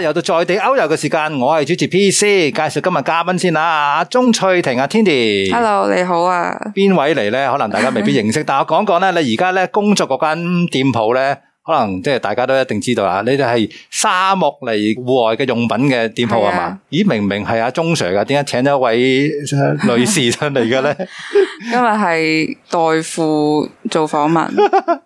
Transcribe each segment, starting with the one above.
又到在地 Out 遊嘅時間，我係主持 PC，介紹今日嘉賓先啦，阿鍾翠婷啊，Tindy，Hello，你好啊，邊位嚟呢？可能大家未必認識， 但我講講咧，你而家咧工作嗰間店鋪呢？可能即係大家都一定知道啦，你哋係沙木尼戶外嘅用品嘅店鋪係嘛？咦，明明係阿鍾 Sir 嘅，點解請咗一位女士上嚟嘅咧？因為係代父做訪問，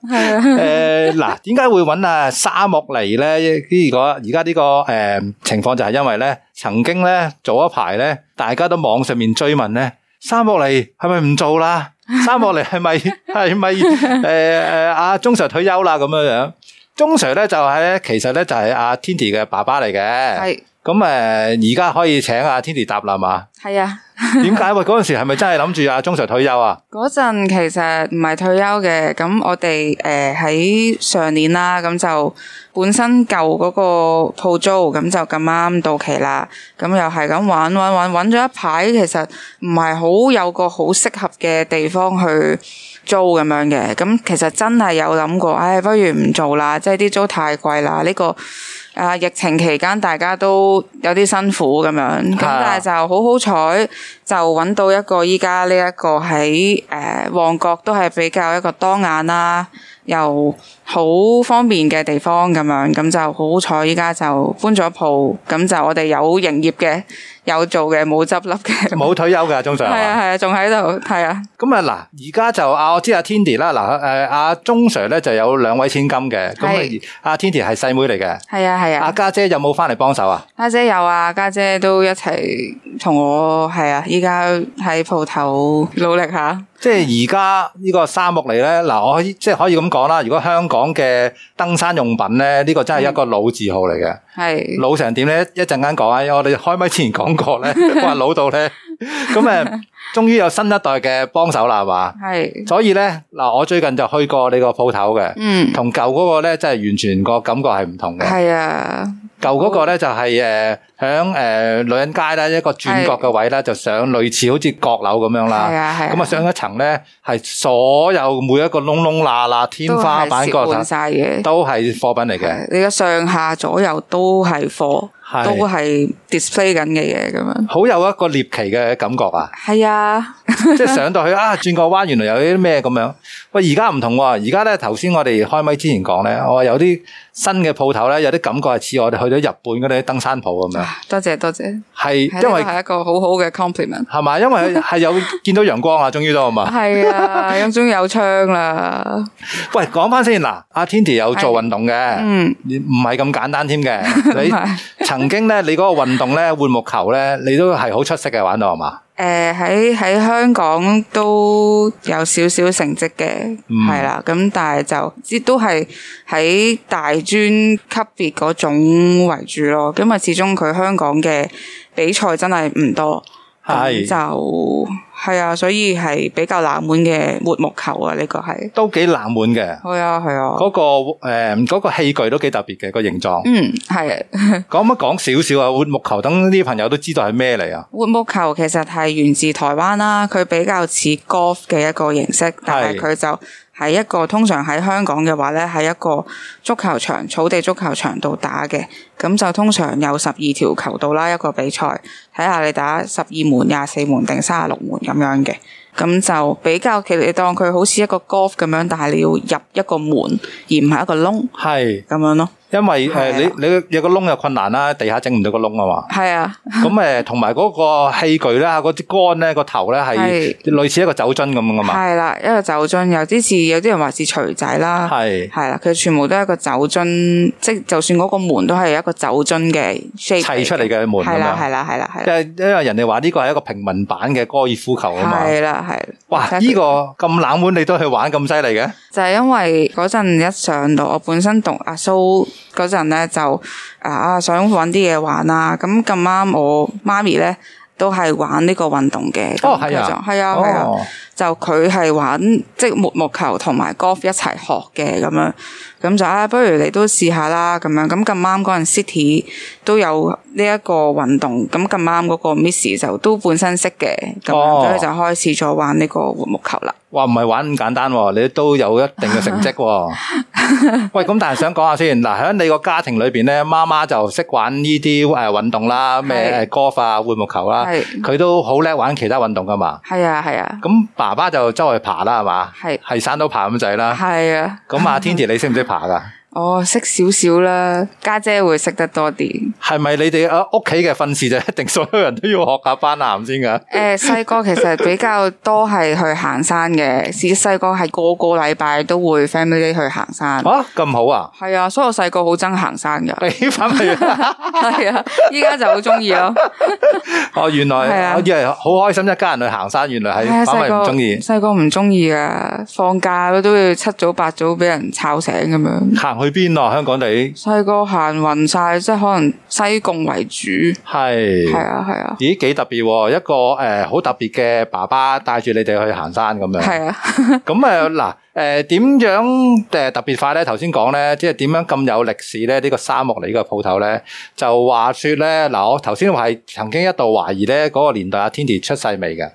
係啊。誒，嗱，點解會搵阿沙木尼咧？呢個而家呢個誒情況就係因為咧，曾經咧早一排咧，大家都網上面追問咧，沙木尼係咪唔做啦？ 沙木尼係咪係咪誒誒阿鍾 Sir 退休啦咁樣樣，鍾 Sir 咧就係、是、咧，其實咧就係阿 Tindy 嘅爸爸嚟嘅。係。咁誒，而家可以請阿 Tindy 搭啦嘛？係是啊 。點解？喂，嗰陣時係咪真係諗住阿鍾 Sir 退休啊？嗰陣 其實唔係退休嘅，咁我哋誒喺上年啦，咁就本身舊嗰個鋪租咁就咁啱到期啦，咁又係咁揾揾揾揾咗一排，其實唔係好有個好適合嘅地方去租咁樣嘅。咁其實真係有諗過，唉，不如唔做啦，即係啲租太貴啦，呢個。啊！疫情期間大家都有啲辛苦咁樣，咁的但係就好好彩，就揾到一個依家呢一個喺誒、呃、旺角都係比較一個當眼啦，啊，又好方便嘅地方咁樣，咁就好彩依家就搬咗鋪，咁就我哋有營業嘅，有做嘅，冇執笠嘅，冇 退休嘅，鍾 Sir 係啊係啊，仲喺度係啊。咁啊嗱，而家就啊，我知阿 Tindy 啦，嗱誒阿鍾 Sir 咧就有兩位千金嘅，咁啊阿 Tindy 係細妹嚟嘅，係啊係啊，阿家姐有冇翻嚟幫手啊？家姐有啊，家姐都一齊同我係啊，依家喺鋪頭努力下。即係而家呢個沙木尼嚟咧，嗱我可以，即係可以咁講啦。如果香港嘅登山用品咧，呢、這個真係一個老字號嚟嘅，嗯、老成點咧？一陣間講啊，我哋開咪之前講過咧，話 老到咧，咁 誒、嗯，終於有新一代嘅幫手啦，係嘛？係是。所以咧，嗱，我最近就去過你鋪，個呢個鋪頭嘅，嗯，同舊嗰個咧，真係完全個感覺係唔同嘅，係啊。舊嗰個咧就係、是、誒，響、呃、誒、呃呃、女人街咧一個轉角嘅位咧，是的 就上類似好似閣樓咁樣啦。係啊，咁啊上一層咧係所有每一個窿窿罅罅天花板，都係晒嘅，都係貨品嚟嘅。你嘅上下左右都係貨，是的 都係 display 緊嘅嘢，咁樣好有一個獵奇嘅感覺啊！係啊，即係上到去啊，轉角彎，原來有啲咩咁樣。喂，而家唔同喎，而家咧頭先我哋開咪之前講咧，我話有啲。新嘅鋪頭咧，有啲感覺係似我哋去咗日本嗰啲登山鋪咁樣多。多謝多謝，係因為係一個好好嘅 compliment。係嘛？因為係有見到陽光啊，終於，都係嘛？係 啊，咁終於有窗啦。 喂，講翻先嗱，阿、啊、Tindy 有做運動嘅，嗯，唔係咁簡單添嘅。 你曾經咧，你嗰個運動咧，換木球咧，你都係好出色嘅，玩到係嘛？誒，喺喺香港都有少少成績嘅，係啦、嗯，咁但係就即都係喺大專級別嗰種為主咯，因為始終佢香港嘅比賽真係唔多。係、嗯、就係啊，所以係比較冷門嘅活木球啊，呢、這個係都幾冷門嘅。係啊，係啊。嗰、那個誒，呃嗰個器具都幾特別嘅、那個形狀。嗯，係。講乜講少少啊？活木球，等啲朋友都知道係咩嚟啊？活木球其實係源自台灣啦、啊，佢比較似 golf 嘅一個形式，但係佢就。係一個通常喺香港嘅話呢喺一個足球場、草地足球場度打嘅，咁就通常有十二條球道啦，一個比賽，睇下你打十二門、廿四門定三十六門咁樣嘅，咁就比較其實你當佢好似一個 golf 咁樣，但係你要入一個門，而唔係一個窿，係咁是樣咯。因為誒你你有個窿又困難啦，地下整唔到個窿啊嘛。係啊，咁誒同埋嗰個器具啦，嗰啲杆咧個頭咧係類似一個酒樽咁噶嘛。係啦，一個酒樽，有啲似，有啲人話似錘仔啦。係，係啦，佢全部都係一個酒樽，即係就算嗰個門都係一個酒樽嘅砌出嚟嘅門。係啦，係啦，係啦，係。因為人哋話呢個係一個平民版嘅高爾夫球啊嘛。係啦，係。哇！呢個咁冷門你都去玩咁犀利嘅？就係因為嗰陣一上到我本身同阿蘇。嗰陣咧就啊想搵啲嘢玩啦，咁咁啱我媽咪咧都係玩呢個運動嘅，咁係、哦、就啊，係啊，係啊。哦。就佢係玩即係活木球同埋 golf 一齊學嘅咁樣，咁就啊不如你都試下啦咁樣，咁咁啱嗰陣 city 都有呢一個運動，咁咁啱嗰個 miss 就都本身識嘅，咁樣所以就開始咗玩呢個活木球啦。哇，唔係玩咁簡單喎，你都有一定嘅成績喎。喂，咁但係想講下先，嗱喺你個家庭裏邊咧，媽媽就識玩呢啲誒運動啦，咩 golf 啊、活木球啦，佢都好叻玩其他運動噶嘛。係啊，係啊。咁爸。爸爸就周圍爬啦，係嘛？係是，係山都爬咁滯啦。係啊。咁 Tindy 你識唔識爬噶？ 哦，識少少啦，家姐，姐會識得多啲。係咪你哋啊屋企嘅訓示就一定所有人都要學下攀岩先噶？誒、呃，細個其實比較多係去行山嘅，細 個係個個禮拜都會 family 去行山。咁、啊、好啊！係啊，所以我細個好憎行山噶。family 係 啊，依家就好中意咯。 哦，原來係啊，我以為好開心一家人去行山，原來係啊，細個唔中意，細個唔中意啊！放假都要七早八早俾人吵醒咁樣。去邊啊？香港地細個行勻晒，即係可能西貢為主。係係啊係啊，啊咦幾特別？一個誒，好、呃、特別嘅爸爸帶住你哋去行山咁樣。係啊，咁啊嗱，誒、呃、點、呃、樣誒特別快咧？頭先講咧，即係點樣咁有歷史咧？呢個沙木尼呢個鋪頭咧，就話說咧嗱、呃，我頭先係曾經一度懷疑咧，嗰個年代阿 Tindy 出世未嘅。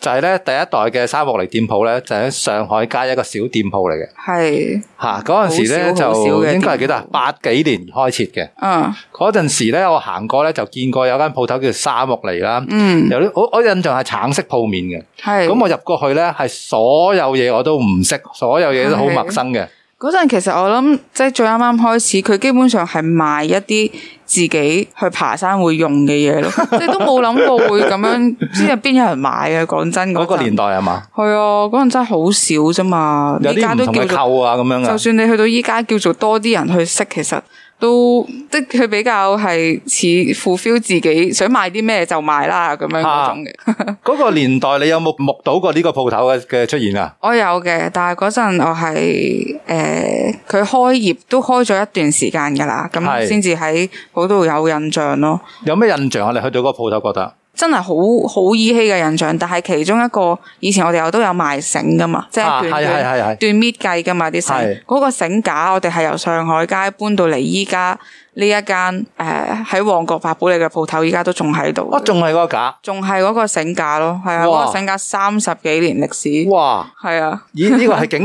就係咧，第一代嘅沙木尼店鋪咧，就喺、是、上海街一個小店鋪嚟嘅。係吓嗰陣時咧就應該係幾多？八幾年開設嘅。嗯、啊，嗰陣時咧我行過咧就見過有間鋪頭叫沙木尼啦。嗯，有啲我我印象係橙色鋪面嘅。係咁是我入過去咧係所有嘢我都唔識，所有嘢都好陌生嘅。嗰陣其實我諗即係最啱啱開始，佢基本上係賣一啲自己去爬山會用嘅嘢咯， 即係都冇諗過會咁樣，即係邊有人買啊！講真嗰陣，個年代係嘛？係啊，嗰陣真係好少啫嘛，而家、啊、都叫做啊咁樣，就算你去到依家叫做多啲人去識，其實。都即係佢比較係似乎 feel 自己想賣啲咩就賣啦咁樣嗰種嘅，啊。嗰 個年代你有冇目睹過呢個鋪頭嘅嘅出現啊？我有嘅，但係嗰陣我係誒佢開業都開咗一段時間噶啦，咁先至喺嗰度有印象咯是。有咩印象啊？你去到嗰個鋪頭覺得？真係好好依稀嘅印象，但係其中一個以前我哋又都有賣繩㗎嘛，啊、即係斷斷斷篾計㗎嘛啲繩，嗰是是 個繩架我哋係由上海街搬到嚟依家。呢一間，呃，喺旺角百寶利嘅鋪頭，依家都仲喺度。喂，仲係嗰個架？仲係嗰個繩架咯。嘩，嗰個繩架三十幾年歷史。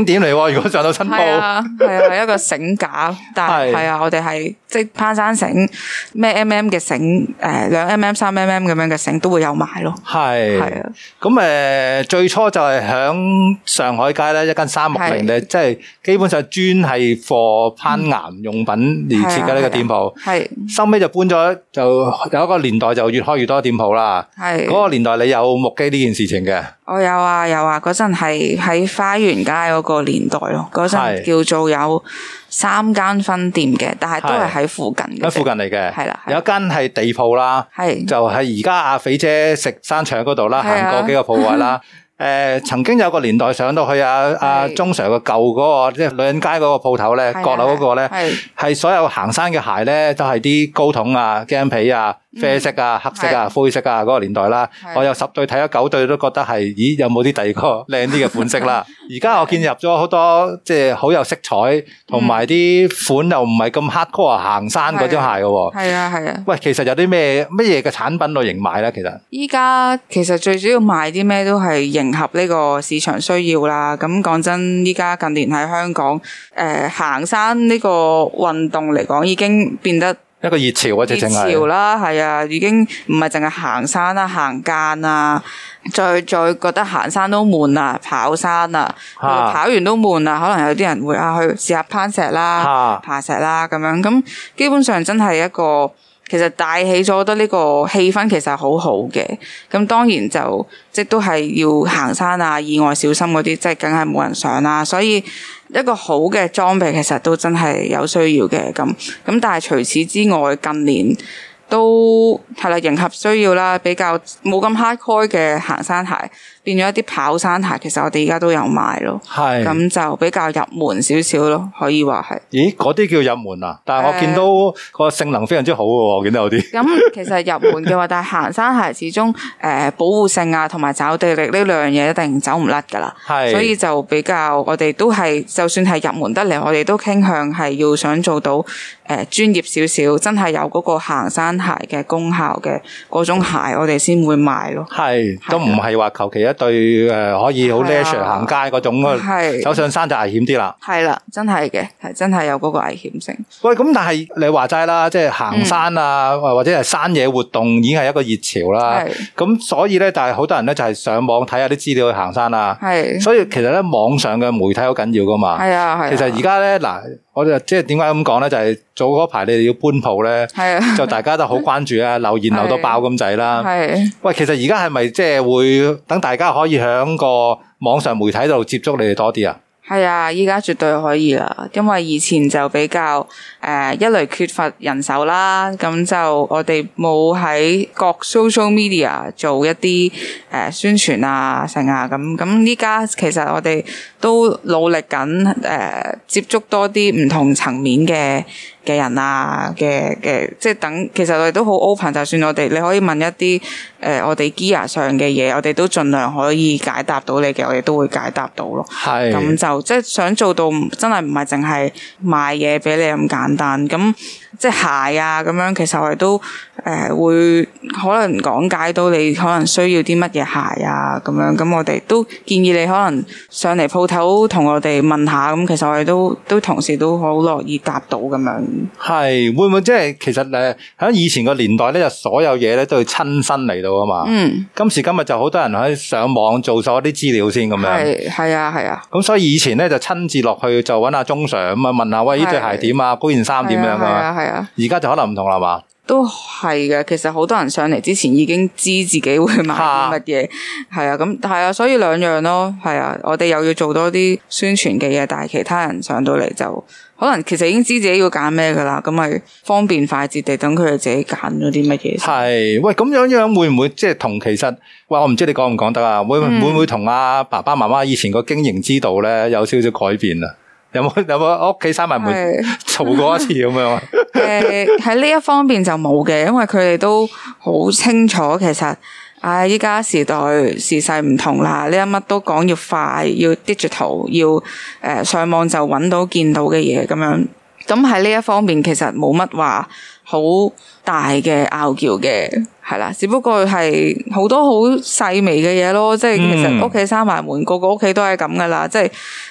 係，收尾就搬咗，就有一個年代就越開越多店鋪啦。係是，嗰個年代你有目擊呢件事情嘅？我有啊，有啊，嗰陣係喺花園街嗰個年代咯，嗰陣叫做有三間分店嘅，但係都係喺附近嘅，喺附近嚟嘅，係啦，有一間係地鋪啦，係的就係而家阿肥姐食山腸嗰度啦，的行過幾個鋪位啦。誒、呃，曾經有個年代上到去啊阿鍾、啊、是的 Sir 嘅舊嗰個，即係女人街嗰個鋪頭咧，閣樓嗰個咧，係所有行山嘅鞋咧，都係啲高筒啊、膠皮啊。啡色啊、嗯、黑色啊、的灰色啊，嗰的個年代啦，的我有十對睇咗九對，都覺得係，咦，有冇啲第二個靚啲嘅款式啦？而家 的我見入咗好多，即係好有色彩，同埋啲款又唔係咁 hardcore 啊，行山嗰啲鞋嘅喎。係啊，係啊。喂，其實有啲咩乜嘢嘅產品類型買咧？其實依家其實最主要賣啲咩都係迎合呢個市場需要啦。咁講真，依家近年喺香港誒、呃、行山呢個運動嚟講，已經變得。一個熱潮或者淨啦，係啊，啊，已經唔係淨係行山啦，啊，行間啊，再再覺得行山都悶啊，跑山啊，啊跑完都悶啊。可能有啲人會啊去試下攀石啦，啊、啊、爬石啦，啊、咁樣。咁、嗯、基本上真係一個，其實帶起咗，我覺得呢個氣氛其實好好嘅。咁、嗯、當然就即都係要行山啊，意外小心嗰啲，即係梗係冇人想啦，啊。所以。一個好嘅裝備其實都真係有需要嘅。咁，咁但係除此之外，近年。都係啦，迎合需要啦，比較冇咁 hard core 嘅行山鞋，變咗一啲跑山鞋。其實我哋而家都有賣咯，係，咁就比較入門少少咯，可以話係。咦，嗰啲叫入門啊？但係我見到個性能非常之好嘅，我見到有啲。咁其實入門嘅話，但係行山鞋始終誒保護性啊，同埋抓地力呢兩樣嘢一定走唔甩噶啦。係，所以就比較我哋都係，就算係入門得嚟，我哋都傾向係要想做到誒專業少少，真係有嗰個行山鞋嘅功效嘅嗰種鞋，我哋先會賣咯。係都唔係話求其一對誒的、呃，可以好 leisure 行街嗰種咯。係的走上山就危險啲啦。係啦，真係嘅，係真係有嗰個危險性。喂，咁但係你話齋啦，即係行山啊，嗯、或者係山野活動，已經係一個熱潮啦。咁的所以咧，但係好多人咧就係、是、上網睇下啲資料去行山啦、啊。係的，所以其實咧網上嘅媒體好緊要噶嘛。係啊，係。其實而家咧嗱。我就即係點解咁講呢？就係早嗰排你哋要搬鋪呢，是的 就大家都好關注啊， 留言留到爆咁滯啦。喂，是的 其實而家係咪即係會等大家可以喺個網上媒體度接觸你哋多啲啊？係啊，依家絕對可以啦，因為以前就比較誒、呃、一嚟缺乏人手啦，咁就我哋冇喺各 social media 做一啲誒、呃、宣傳啊、成啊咁，咁依家其實我哋都努力緊誒、呃、接觸多啲唔同層面嘅。嘅人啊，嘅嘅，即係等，其實我哋都好 open，就算我哋你可以問一啲誒我哋 gear 上嘅嘢，我哋都盡量可以解答到你嘅，我哋都會解答到咯。係，咁就即係想做到，真係唔係淨係賣嘢俾你咁簡單，咁即係鞋啊咁樣其實我哋都誒、呃、會可能講解到你可能需要啲乜嘢鞋啊咁樣，咁我哋都建議你可能上嚟鋪頭同我哋問下。咁其實我哋都都同時都好樂意答到咁樣。係會唔會即係其實咧，喺以前個年代咧，就所有嘢咧都要親身嚟到啊嘛，今時今日就好多人喺上網做咗啲資料先咁樣。係係啊係啊，咁所以以前咧就親自落去就揾阿鍾 sir，咁啊問下喂，呢對鞋點啊，嗰件衫點樣啊，係啊，而家就可能唔同啦嘛。都係嘅，其實好多人上嚟之前已經知自己會買啲乜嘢，係啊咁係啊，所以兩樣咯，係啊，我哋又要做多啲宣傳嘅嘢，但係其他人上到嚟就。可能其實已經知自己要揀咩噶啦，咁咪方便快捷地等佢哋自己揀咗啲乜嘢。係，喂，咁樣樣會唔會即係同其實，喂，我唔知你講唔講得、嗯、會會啊？會會唔會同阿爸爸媽媽以前個經營之道咧有少少改變啊？有冇有冇屋企閂埋門嘈是過一次咁樣？誒、 呃，喺呢一方面就冇嘅，因為佢哋都好清楚其實。唉，依家、啊、時代時勢唔同啦，呢一乜都講要快，要 digital，要誒、呃、上網就揾到見到嘅嘢咁樣。咁喺呢一方面，其實冇乜話好大嘅拗撬嘅，係啦。只不過係好多好細微嘅嘢咯，即係其實屋企閂埋門，嗯、個個屋企都係咁噶啦。即係誒、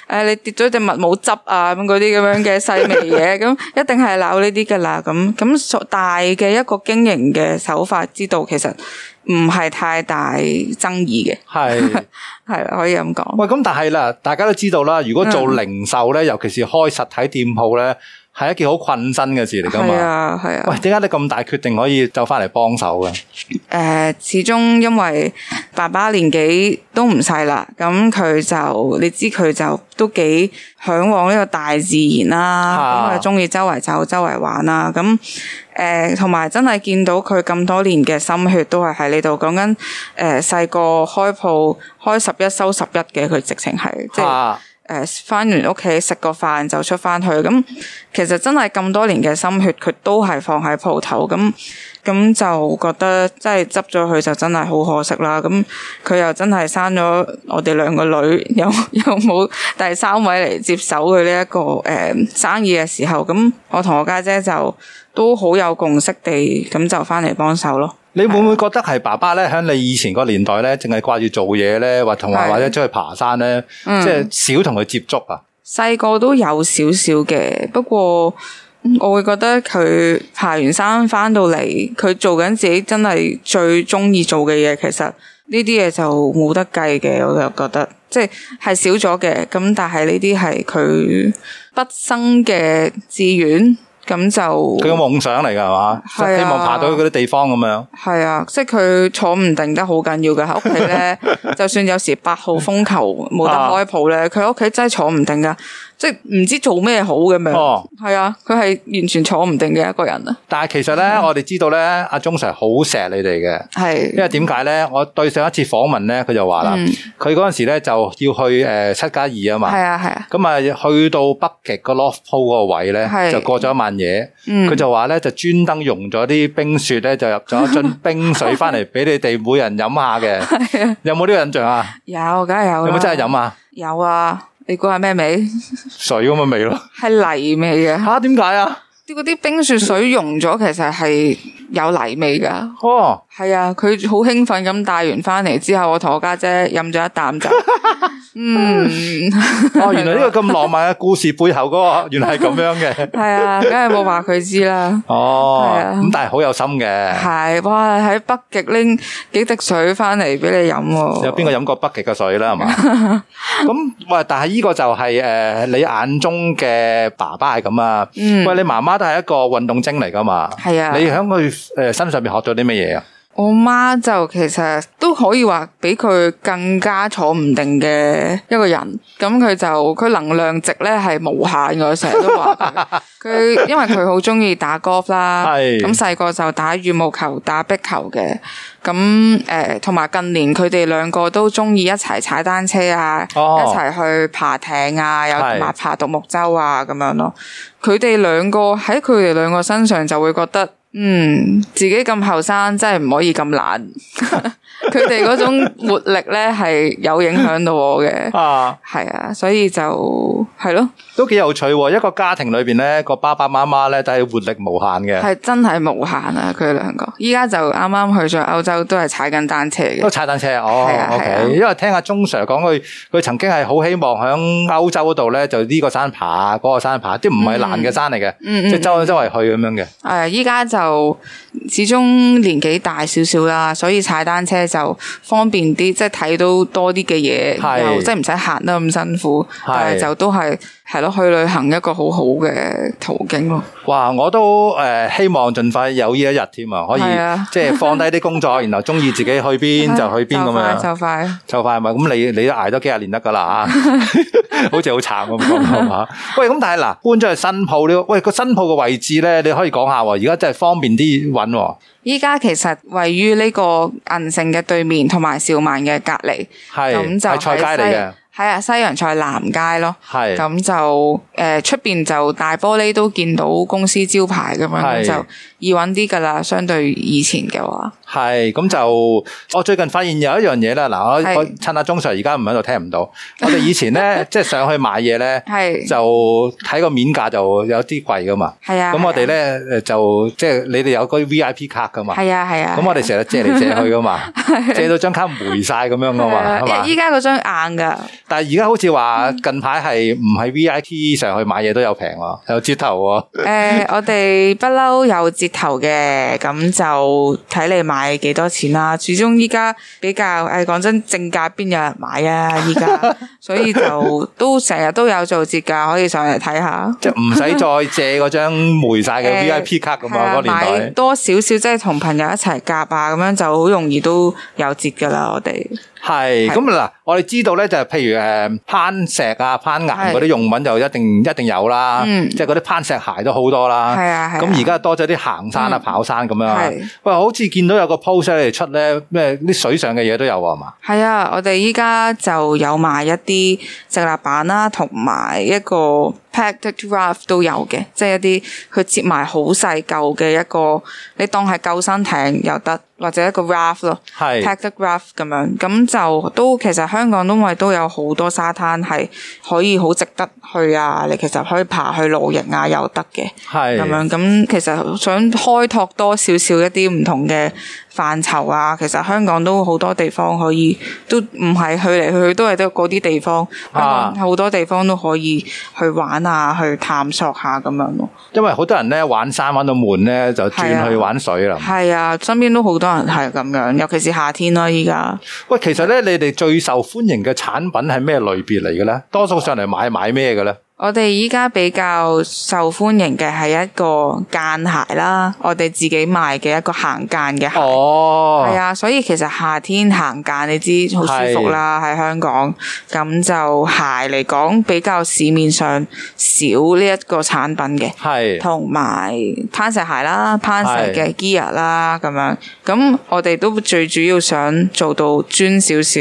呃，你跌咗隻物冇執啊咁嗰啲咁樣嘅細微嘢，咁 一定係鬧呢啲噶啦。咁咁大嘅一個經營嘅手法之道，其實。唔係太大爭議嘅是，係係 可以咁講。喂，咁但係啦，大家都知道啦，如果做零售咧，嗯，尤其是開實體店鋪咧。係一件好困身嘅事嚟噶嘛？係啊，係啊！喂，點解你咁大決定可以就翻嚟幫手嘅？誒、呃，始終因為爸爸年紀都唔細啦，咁佢就你知佢就都幾嚮往呢個大自然啦，啊，咁又中意周圍走周圍玩啦，啊，咁誒，同、呃、埋真係見到佢咁多年嘅心血都係喺呢度，講緊誒細個開鋪開十一收十一嘅佢直情係即係。啊誒，翻完屋企食個飯就出翻去，咁其實真係咁多年嘅心血，佢都係放喺鋪頭，咁咁就覺得即係執咗佢就真係好可惜啦。咁佢又真係生咗我哋兩個女，又又冇第三位嚟接手佢呢一個誒、呃、生意嘅時候，咁我同我家姐，姐就。都好有共識地咁就翻嚟幫手咯。你會唔會覺得係爸爸咧，喺你以前個年代咧，淨係掛住做嘢咧，或同埋或者出去爬山咧，的即係少同佢接觸啊？細個、嗯、都有少少嘅，不過我會覺得佢爬完山翻到嚟，佢做緊自己真係最中意做嘅嘢。其實呢啲嘢就冇得計嘅，我就覺得即係少咗嘅。咁但係呢啲係佢畢生嘅志願。咁就佢個夢想嚟噶，係嘛？啊、希望爬到去嗰啲地方咁樣。係啊，即係佢坐唔定得好緊要嘅。喺屋企咧， 就算有時八號風球冇 得開鋪咧，佢屋企真係坐唔定噶。即係唔知做咩好咁樣，哦，係啊，佢係完全坐唔定嘅一個人啊！但係其實咧，我哋知道咧，阿鍾 Sir 好錫你哋嘅，係，因為點解咧？我對上一次訪問咧，佢就話啦，佢嗰陣時咧就要去誒七加二啊嘛，係啊，係啊，咁啊去到北極個 North Pole 嗰個位咧，就過咗一晚嘢，佢就話咧就專登融咗啲冰雪咧就入咗樽冰水翻嚟俾你哋每人飲下嘅，有冇呢個印象啊？有，梗係有。有冇真係飲啊？有啊。你估下咩味？水咁嘅味咯，係 泥味嘅。吓，點解啊？啲啲冰雪水溶咗，其實係有泥味㗎。哦，係啊，佢好興奮咁帶完翻嚟之後，我同我家姐飲咗一啖酒。 嗯，哦，原來呢個咁浪漫嘅故事背後嗰個，原來係咁樣嘅。係啊，梗係冇話佢知啦。哦，咁但係好有心嘅。係，哇！喺北極拎幾滴水翻嚟俾你飲。有邊個飲過北極嘅水啦？係嘛？咁喂，但係呢個就係誒，你眼中嘅爸爸係咁啊。喂，你媽媽都係一個運動精嚟㗎嘛？係啊。你喺佢誒身上邊學咗啲乜嘢啊？我媽就其實都可以話比佢更加坐唔定嘅一個人，咁佢就佢能量值咧係無限嘅，成日都話佢， 因為佢好中意打 golf 啦是，咁細個就打羽毛球、打壁球嘅，咁誒，同、呃、埋近年佢哋兩個都中意一齊踩單車啊，哦、一齊去爬艇啊，又同埋爬獨木舟啊，咁樣咯。佢哋兩個喺佢哋兩個身上就會覺得。嗯，自己咁後生真係唔可以咁懶，佢哋嗰種活力呢係有影響到我嘅，係啊，所以就。係咯，都幾有趣，哦。一個家庭裏邊咧，個爸爸媽媽咧都係活力無限嘅。係真係無限啊！佢哋兩個，依家就啱啱去咗歐洲，都係踩緊單車嘅。都踩單車啊！哦，O K。Okay, 因為聽阿鍾 Sir 講佢，佢曾經係好希望響歐洲嗰度咧，就呢個山爬，嗰、嗰個山爬，即唔係難嘅山嚟嘅，即係周周圍去咁樣嘅。誒、嗯嗯嗯，依、嗯、家、嗯、就始終年紀大少少啦，所以踩單車就方便啲，即係睇到多啲嘅嘢，又即係唔使行得咁辛苦，係就都係。係咯，去旅行一個好好嘅途徑咯。哇，我都誒、呃、希望盡快有呢一日添啊，可以是、啊、 即係放低啲工作，然後中意自己去邊、啊、就去邊咁樣，就快、啊、快，就快係咪？咁你你都挨多幾廿年得噶啦啊？ 好似、啊、好慘咁咁係喂，咁但係嗱，搬咗去新鋪咧，喂，個新鋪嘅位置咧，你可以講下。而家真係方便啲揾。依家其實位於呢個銀城嘅對面，同埋兆萬嘅隔離，係咁是就是、菜街嚟嘅。係啊，西洋菜南街咯，咁就誒，出邊就大玻璃都見到公司招牌咁樣，就易揾啲噶啦。相對以前嘅話，係咁就我最近發現有一樣嘢啦。嗱，我趁阿鍾 sir 而家唔喺度，聽唔到。我哋以前咧，即係上去買嘢咧，就睇個面價就有啲貴噶嘛。係啊，咁我哋咧誒，就即係你哋有嗰啲 VIP 卡噶嘛。係啊，係啊，咁我哋成日借嚟借去噶嘛，借到張卡霉晒咁樣噶嘛。因為依家嗰張硬噶。但係而家好似話近排係唔喺 V I P 上去買嘢都有平喎，有折頭喎。誒，我哋不嬲有折頭嘅，咁就睇你買幾多錢啦。始終依家比較誒，講、哎、真，正價邊有人買啊？依家 所以就都成日都有做折價，可以上嚟睇下。即係唔使再借嗰張霉曬嘅 V I P 卡噶嘛？嗰、欸、年代買多少少即係同朋友一齊夾啊，咁樣就好容易都有折噶啦，我哋。係咁。嗱，我哋知道咧，就係譬如誒，攀石啊、攀岩嗰啲用品就一定是一定有啦。嗯，即係嗰啲攀石鞋都好多啦。係啊係。咁而家多咗啲行山啊、嗯、跑山咁樣。係、啊。喂、嗯，好似見到有個 post 嚟出咧，咩啲水上嘅嘢都有啊嘛？係啊，我哋依家就有賣一啲直立板啦、啊，同埋一個。packed raft 都有嘅，即係一啲佢接埋好細嚿嘅一個，你當係救生艇又得，或者一個 raft 咯是，packed raft 咁樣，咁就都其實香港都咪都有好多沙灘係可以好值得去啊！你其實可以爬去露營啊又得嘅，係咁是樣咁，其實想開拓多少少一啲唔同嘅。範疇啊，其實香港都好多地方可以，都唔係去嚟去去都係得嗰啲地方，香港好多地方都可以去玩啊，去探索下咁樣咯。因為好多人咧玩山玩到悶咧，就轉去玩水啦。係啊，啊，身邊都好多人係咁樣，尤其是夏天啦、啊，依家。喂，其實咧，你哋最受歡迎嘅產品係咩類別嚟嘅咧？多數上嚟買買咩嘅咧？我哋依家比較受歡迎嘅係一個間鞋啦，我哋自己賣嘅一個行間嘅鞋。哦，係啊，所以其實夏天行間你知好舒服啦，喺是香港咁就鞋嚟講比較市面上少呢一個產品嘅。係是，同埋攀石鞋啦，攀石嘅 gear 啦咁樣。咁我哋都最主要想做到專少少。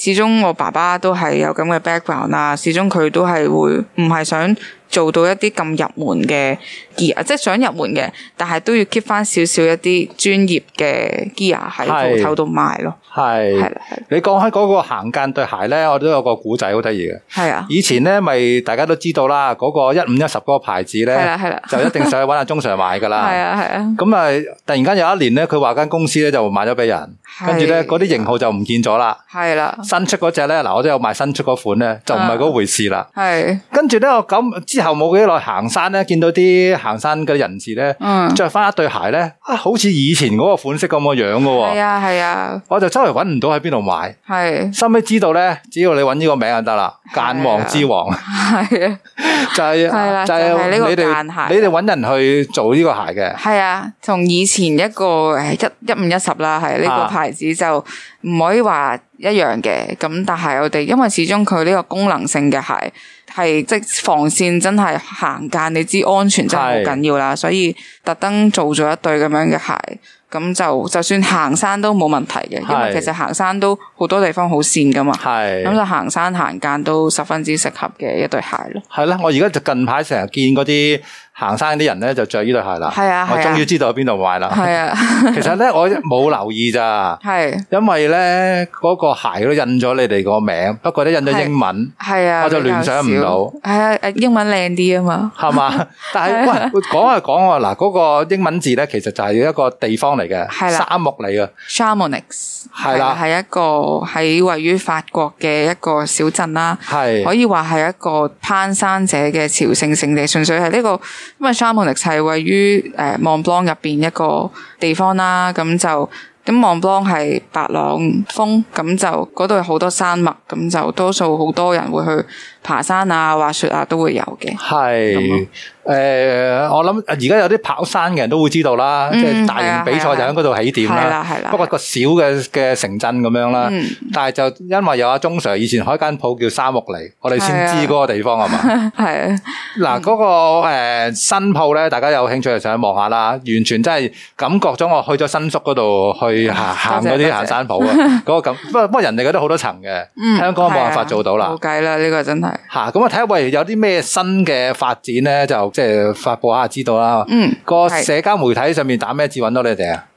始終我爸爸都係有咁嘅 background 啦，始終佢都係會唔係想。做到一啲咁入門嘅 gear，即係想入門嘅，但係都要 keep 翻少少一啲專業嘅 gear 喺鋪頭度賣咯。係，係你講開嗰個行間對鞋咧，我都有個古仔好得意嘅。係啊的。以前咧，咪大家都知道啦，嗰、那個一五一十嗰個牌子咧，係啦係啦，就一定上去揾阿鍾 Sir 買噶啦。係啊係啊。咁啊，突然間有一年咧，佢話間公司咧就賣咗俾人，的跟住咧嗰啲型號就唔見咗啦。係啦的。新出嗰隻咧，嗱我都有賣新出嗰款咧，就唔係嗰回事啦。係的。跟住咧，我咁之後冇幾耐行山咧，見到啲行山嘅人士咧，着翻一對鞋咧，啊，好似以前嗰個款式咁個樣噶。係啊係啊，我就周圍搵唔到喺邊度買。係，後尾知道咧，只要你搵呢個名就得啦。間王之王，係啊，就係就係呢個間鞋。你哋搵人去做呢個鞋嘅？係啊，同以前一個誒，一一五一十啦，係呢個牌子就唔可以話。一樣嘅，咁但係我哋因為始終佢呢個功能性嘅鞋係即係防跣真係行間，你知安全真係好緊要啦，是所以特登做咗一對咁樣嘅鞋，咁就就算行山都冇問題嘅，因為其實行山都好多地方好跣㗎嘛，咁是就行山行間都十分之適合嘅一對鞋咯。係啦，我而家就近排成日見嗰啲。行山啲人咧就著呢對鞋啦，我終於知道喺邊度買啦。其實咧我冇留意咋，因為咧嗰個鞋都印咗你哋個名，不過都印咗英文，我就聯想唔到。係啊，英文靚啲啊嘛，係嘛？但係喂，講係講啊，嗱嗰個英文字咧，其實就係一個地方嚟嘅，沙漠嚟嘅。Chamonix 係啦，係一個喺位於法國嘅一個小鎮啦，係可以話係一個攀山者嘅朝聖聖地，純粹係呢個。因為沙木尼係位於誒望邦入邊一個地方啦，咁就咁望邦係白朗峰，咁就嗰度有好多山脈，咁就多數好多人會去。爬山啊、滑雪啊都會有嘅，係，誒，我諗而家有啲跑山嘅人都會知道啦，即係大型比賽就喺嗰度起點啦，係啦，係啦。不過個小嘅嘅城鎮咁樣啦，但係就因為有阿鍾 Sir，以前開間鋪叫沙木尼，我哋先知嗰個地方係嘛，係嗱，嗰個誒新鋪咧，大家有興趣就上去望下啦。完全真係感覺咗我去咗新宿嗰度去行嗰啲行山鋪啊，個感。不過不過人哋嗰度好多層嘅，香港冇辦法做到啦。冇計啦，呢個真係。吓，咁我睇下，喂，有啲咩新嘅發展咧，就即係發布下就知道啦。嗯，個社交媒體上面打咩字揾到你哋啊？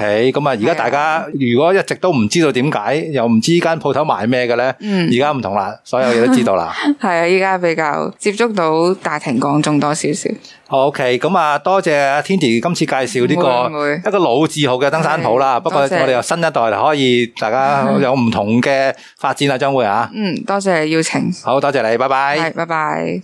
OK，咁啊，而家大家如果一直都唔知道點解，又唔知間鋪頭賣咩嘅咧，而家唔同啦，所有嘢都知道啦。係啊，依家比較接觸到大庭廣眾多少少。好，OK，咁啊，多謝阿 Tindy 今次介紹呢個一個老字號嘅登山鋪啦。不過我哋又新一代可以大家有唔同嘅發展啊，將會啊。嗯，多謝邀請。好多謝你，拜拜。係，拜拜。